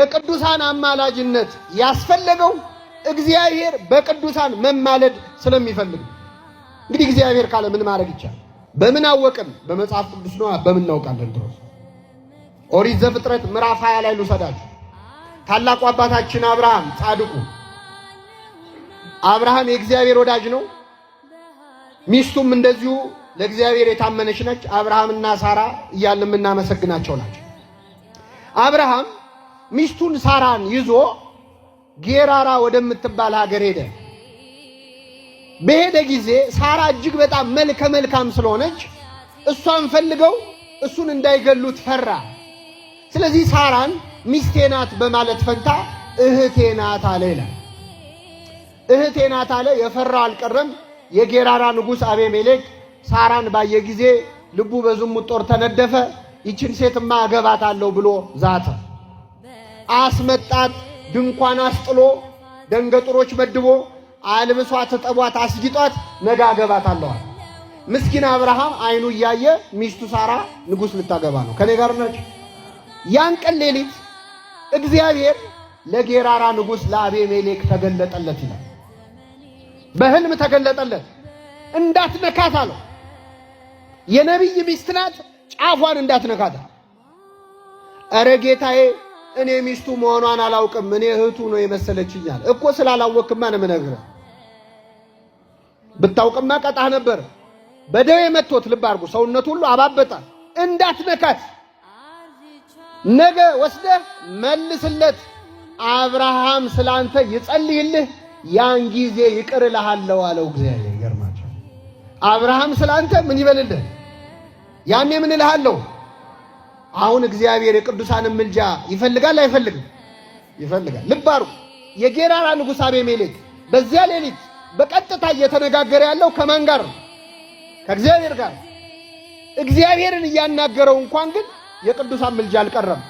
የቅዱሳን አማላጅነት ያስፈለገው እግዚአብሔር በቅዱሳን መማለድ ስለሚፈልግ እንግዲህ እግዚአብሔር ካለ ምን ማድረግ ይቻላል? በምን አወቅን? በመጽሐፍ ቅዱስ ነው። በምን እናውቃለን? ድረስ ኦሪት ዘፍጥረት ምዕራፍ 20 ላይ ልውሰዳችሁ። ታላቁ አባታችን አብርሃም ጻድቁ አብርሃም የእግዚአብሔር ወዳጅ ነው። ሚስቱም እንደዚሁ ለእግዚአብሔር የታመነች ነች። አብርሃምና ሳራ እያልን የምናመሰግናቸው ናቸው። አብርሃም ሚስቱን ሳራን ይዞ ጌራራ ወደምትባል ሀገር ሄደ። በሄደ ጊዜ ሳራ እጅግ በጣም መልከ መልካም ስለሆነች እሷን ፈልገው እሱን እንዳይገሉት ፈራ። ስለዚህ ሳራን ሚስቴ ናት በማለት ፈንታ እህቴ ናት አለ ይላል። እህቴ ናት አለ። የፈራ አልቀረም። የጌራራ ንጉሥ አቤሜሌክ ሳራን ባየ ጊዜ ልቡ በዝሙት ጦር ተነደፈ። ይችን ሴትማ አገባታለሁ ብሎ ዛተ። አስመጣት። ድንኳን አስጥሎ ደንገጥሮች መድቦ አልብሷት፣ ጠቧት፣ አስጊጧት፣ ነገ አለዋል። ምስኪን አብርሃም አይኑ እያየ ሚስቱ ሳራ ንጉሥ ልታገባ ነው። ከኔ ጋር ናቸው። ያን ቀን ሌሊት እግዚአብሔር ለጌራራ ንጉሥ ለአቤሜሌክ ተገለጠለት ይላል። በህልም ተገለጠለት። እንዳትነካት አለው። የነቢይ ሚስት ናት፣ ጫፏን እንዳትነካት። ነካታ! ጌታዬ እኔ ሚስቱ መሆኗን አላውቅም፣ እኔ እህቱ ነው የመሰለችኛል እኮ ስላላወቅማ ነው የምነግርህ። ብታውቅማ ቀጣህ ነበር። በደዌ መቶት ልብ አድርጉ፣ ሰውነቱ ሁሉ አባበጠ። እንዳትነካት ነገ ወስደህ መልስለት። አብርሃም ስላንተ ይጸልይልህ፣ ያን ጊዜ ይቅር እልሃለሁ አለው እግዚአብሔር። ይገርማቸው። አብርሃም ስላንተ ምን ይበልልህ? ያኔ ምን እልሃለሁ አሁን እግዚአብሔር የቅዱሳንን ምልጃ ይፈልጋል አይፈልግም? ይፈልጋል። ልባሩ የጌራራ ንጉሥ አቤሜሌክ በዚያ ሌሊት በቀጥታ እየተነጋገረ ያለው ከማን ጋር ነው? ከእግዚአብሔር ጋር። እግዚአብሔርን እያናገረው እንኳን ግን የቅዱሳን ምልጃ አልቀረም።